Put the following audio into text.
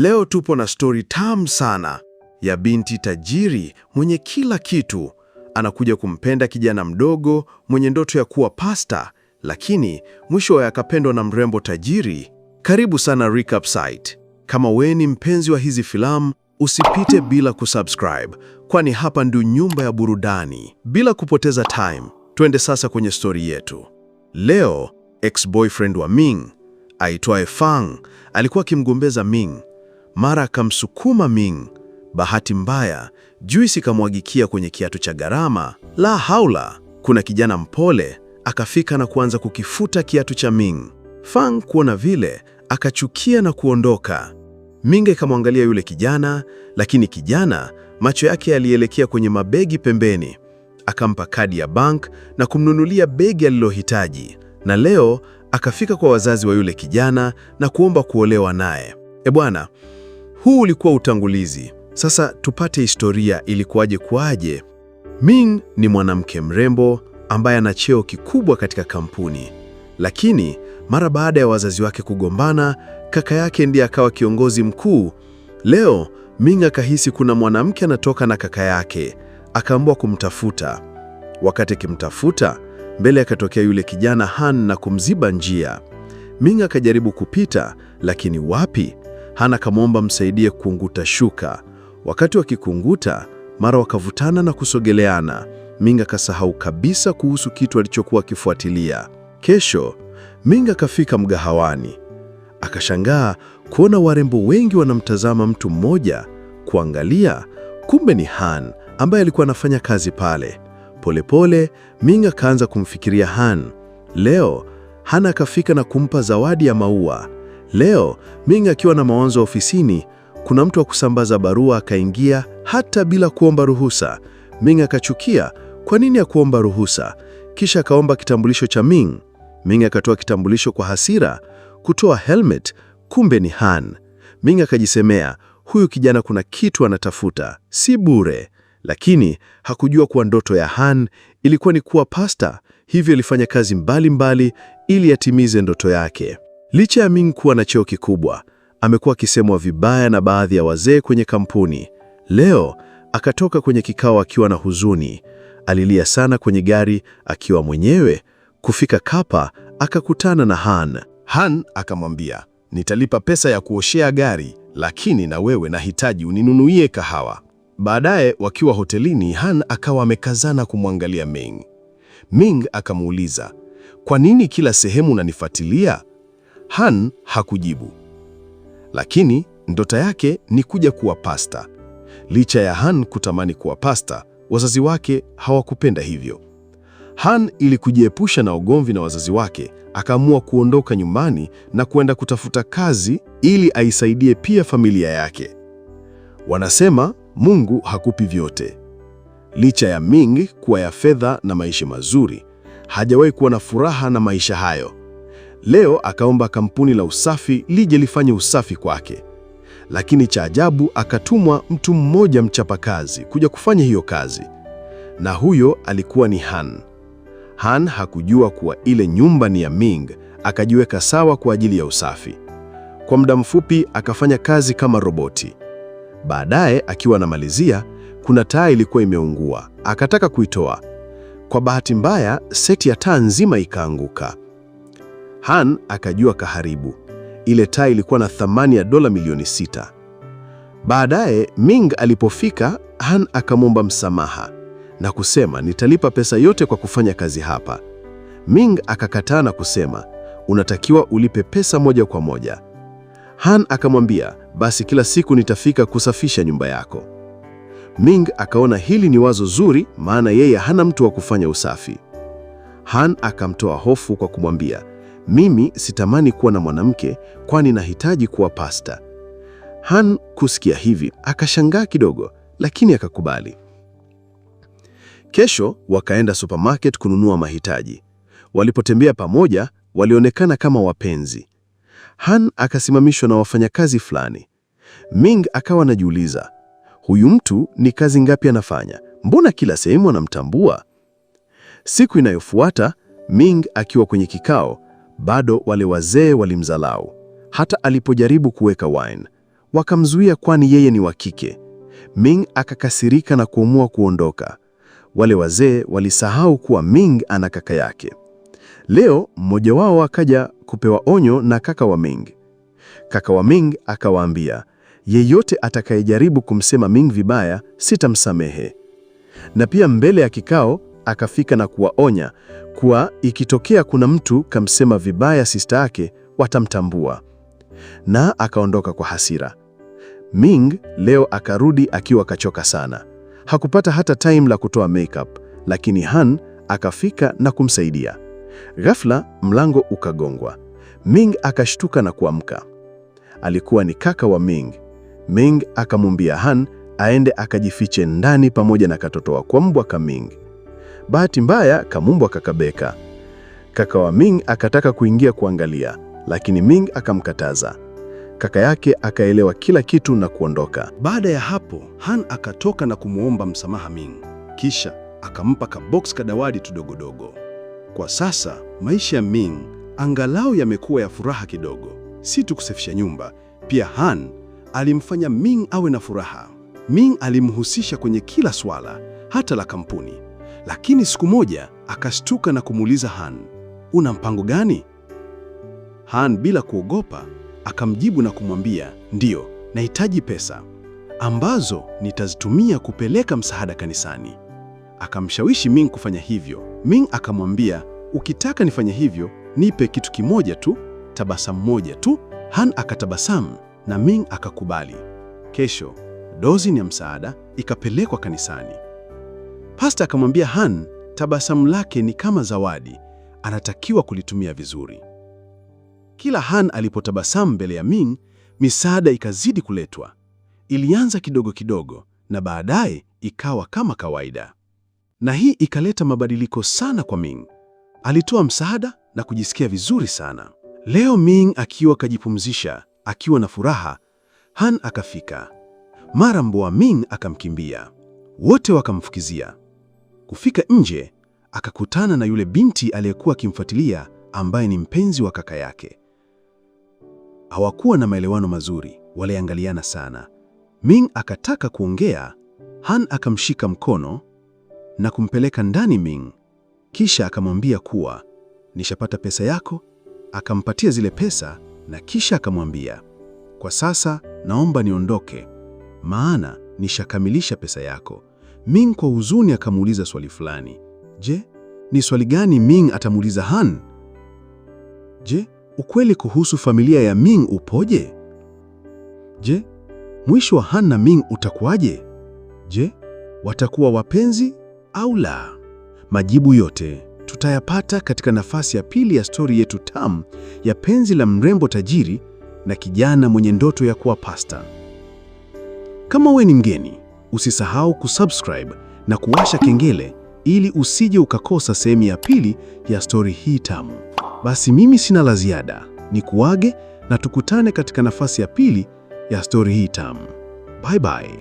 Leo tupo na stori tamu sana ya binti tajiri mwenye kila kitu. Anakuja kumpenda kijana mdogo mwenye ndoto ya kuwa pasta, lakini mwisho akapendwa na mrembo tajiri. Karibu sana Recap Site. Kama wewe ni mpenzi wa hizi filamu, usipite bila kusubscribe, kwani hapa ndio nyumba ya burudani. Bila kupoteza time, twende sasa kwenye stori yetu leo. Ex-boyfriend wa Ming aitwaye Fang alikuwa akimgombeza Ming mara akamsukuma Ming. Bahati mbaya, juisi ikamwagikia kwenye kiatu cha gharama. La haula! Kuna kijana mpole akafika na kuanza kukifuta kiatu cha Ming. Fang kuona vile akachukia na kuondoka. Ming ikamwangalia yule kijana, lakini kijana macho yake yalielekea kwenye mabegi pembeni. Akampa kadi ya bank na kumnunulia begi alilohitaji, na leo akafika kwa wazazi wa yule kijana na kuomba kuolewa naye. E bwana huu ulikuwa utangulizi. Sasa tupate historia, ilikuwaje kuaje? Ming ni mwanamke mrembo ambaye ana cheo kikubwa katika kampuni, lakini mara baada ya wazazi wake kugombana, kaka yake ndiye akawa kiongozi mkuu. Leo Ming akahisi kuna mwanamke anatoka na kaka yake, akaamua kumtafuta. Wakati akimtafuta, mbele akatokea yule kijana Han na kumziba njia. Ming akajaribu kupita, lakini wapi, Hana kamwomba msaidie kunguta shuka. Wakati wakikunguta, mara wakavutana na kusogeleana. Ming akasahau kabisa kuhusu kitu alichokuwa akifuatilia. Kesho Ming akafika mgahawani, akashangaa kuona warembo wengi wanamtazama mtu mmoja. Kuangalia, kumbe ni Han ambaye alikuwa anafanya kazi pale. Polepole Ming akaanza kumfikiria Han. Leo Han akafika na kumpa zawadi ya maua. Leo Ming akiwa na mawazo ofisini, kuna mtu wa kusambaza barua akaingia hata bila kuomba ruhusa. Ming akachukia, kwa nini ya kuomba ruhusa? Kisha akaomba kitambulisho cha Ming. Ming akatoa kitambulisho kwa hasira, kutoa helmet, kumbe ni Han. Ming akajisemea, huyu kijana kuna kitu anatafuta, si bure. Lakini hakujua kuwa ndoto ya Han ilikuwa ni kuwa pasta, hivyo ilifanya kazi mbalimbali mbali ili atimize ndoto yake. Licha ya Ming kuwa na cheo kikubwa, amekuwa akisemwa vibaya na baadhi ya wazee kwenye kampuni. Leo akatoka kwenye kikao akiwa na huzuni. Alilia sana kwenye gari akiwa mwenyewe. Kufika Kapa akakutana na Han. Han akamwambia, nitalipa pesa ya kuoshea gari, lakini na wewe nahitaji uninunuie kahawa. Baadaye wakiwa hotelini, Han akawa amekazana kumwangalia Ming. Ming akamuuliza, kwa nini kila sehemu unanifuatilia? Han hakujibu, lakini ndota yake ni kuja kuwa pasta. Licha ya Han kutamani kuwa pasta, wazazi wake hawakupenda hivyo. Han ili kujiepusha na ugomvi na wazazi wake, akaamua kuondoka nyumbani na kwenda kutafuta kazi ili aisaidie pia familia yake. Wanasema Mungu hakupi vyote. Licha ya Ming kuwa ya fedha na maisha mazuri, hajawahi kuwa na furaha na maisha hayo. Leo akaomba kampuni la usafi lije lifanye usafi kwake, lakini cha ajabu akatumwa mtu mmoja mchapakazi kuja kufanya hiyo kazi, na huyo alikuwa ni Han. Han hakujua kuwa ile nyumba ni ya Ming, akajiweka sawa kwa ajili ya usafi. Kwa muda mfupi akafanya kazi kama roboti. Baadaye akiwa anamalizia, kuna taa ilikuwa imeungua, akataka kuitoa. Kwa bahati mbaya, seti ya taa nzima ikaanguka. Han akajua kaharibu. Ile taa ilikuwa na thamani ya dola milioni sita. Baadaye Ming alipofika, Han akamwomba msamaha na kusema nitalipa pesa yote kwa kufanya kazi hapa. Ming akakataa na kusema unatakiwa ulipe pesa moja kwa moja. Han akamwambia basi kila siku nitafika kusafisha nyumba yako. Ming akaona hili ni wazo zuri, maana yeye hana mtu wa kufanya usafi. Han akamtoa hofu kwa kumwambia mimi sitamani kuwa na mwanamke, kwani nahitaji kuwa pasta. Han kusikia hivi akashangaa kidogo, lakini akakubali. Kesho wakaenda supermarket kununua mahitaji. Walipotembea pamoja, walionekana kama wapenzi. Han akasimamishwa na wafanyakazi fulani. Ming akawa anajiuliza, huyu mtu ni kazi ngapi anafanya? Mbona kila sehemu anamtambua? Siku inayofuata Ming akiwa kwenye kikao bado wale wazee walimdhalau, hata alipojaribu kuweka wine wakamzuia, kwani yeye ni wa kike. Ming akakasirika na kuamua kuondoka. Wale wazee walisahau kuwa Ming ana kaka yake. Leo mmoja wao akaja kupewa onyo na kaka wa Ming. Kaka wa Ming akawaambia, yeyote atakayejaribu kumsema Ming vibaya sitamsamehe. Na pia mbele ya kikao akafika na kuwaonya kuwa ikitokea kuna mtu kamsema vibaya sista yake watamtambua, na akaondoka kwa hasira. Ming leo akarudi akiwa kachoka sana, hakupata hata time la kutoa makeup, lakini Han akafika na kumsaidia. Ghafla mlango ukagongwa, Ming akashtuka na kuamka. Alikuwa ni kaka wa Ming. Ming akamwambia Han aende akajifiche ndani pamoja na katoto kwa mbwa ka Ming. Bahati mbaya Kamumbwa kakabeka. Kaka wa Ming akataka kuingia kuangalia, lakini Ming akamkataza. Kaka yake akaelewa kila kitu na kuondoka. Baada ya hapo, Han akatoka na kumwomba msamaha Ming, kisha akampa kabox kadawadi tudogodogo. Kwa sasa maisha ya Ming angalau yamekuwa ya furaha kidogo, si tu kusafisha nyumba. Pia Han alimfanya Ming awe na furaha. Ming alimhusisha kwenye kila swala, hata la kampuni. Lakini siku moja akashtuka na kumuuliza Han, una mpango gani? Han bila kuogopa akamjibu na kumwambia, ndiyo, nahitaji pesa ambazo nitazitumia kupeleka msaada kanisani. Akamshawishi Ming kufanya hivyo. Ming akamwambia, ukitaka nifanye hivyo, nipe kitu kimoja tu, tabasamu moja tu. Han akatabasamu na Ming akakubali. Kesho dozi ya msaada ikapelekwa kanisani. Pasta akamwambia Han tabasamu lake ni kama zawadi, anatakiwa kulitumia vizuri. Kila Han alipotabasamu mbele ya Ming, misaada ikazidi kuletwa. Ilianza kidogo kidogo na baadaye ikawa kama kawaida, na hii ikaleta mabadiliko sana kwa Ming. Alitoa msaada na kujisikia vizuri sana. Leo Ming akiwa kajipumzisha, akiwa na furaha, Han akafika. Mara mbwa Ming akamkimbia, wote wakamfukizia. Kufika nje, akakutana na yule binti aliyekuwa akimfuatilia ambaye ni mpenzi wa kaka yake. Hawakuwa na maelewano mazuri, waliangaliana sana. Ming akataka kuongea, Han akamshika mkono na kumpeleka ndani Ming, kisha akamwambia kuwa nishapata pesa yako. Akampatia zile pesa na kisha akamwambia, kwa sasa naomba niondoke, maana nishakamilisha pesa yako. Ming kwa huzuni akamuuliza swali fulani. Je, ni swali gani Ming atamuuliza Han? Je, ukweli kuhusu familia ya Ming upoje? Je, mwisho wa Han na Ming utakuwaje? Je, watakuwa wapenzi au la? Majibu yote tutayapata katika nafasi ya pili ya stori yetu tamu ya penzi la mrembo tajiri na kijana mwenye ndoto ya kuwa pasta. Kama we ni mgeni Usisahau kusubscribe na kuwasha kengele ili usije ukakosa sehemu ya pili ya stori hii tamu. Basi mimi sina la ziada, ni kuage na tukutane katika nafasi ya pili ya stori hii tamu. Bye bye.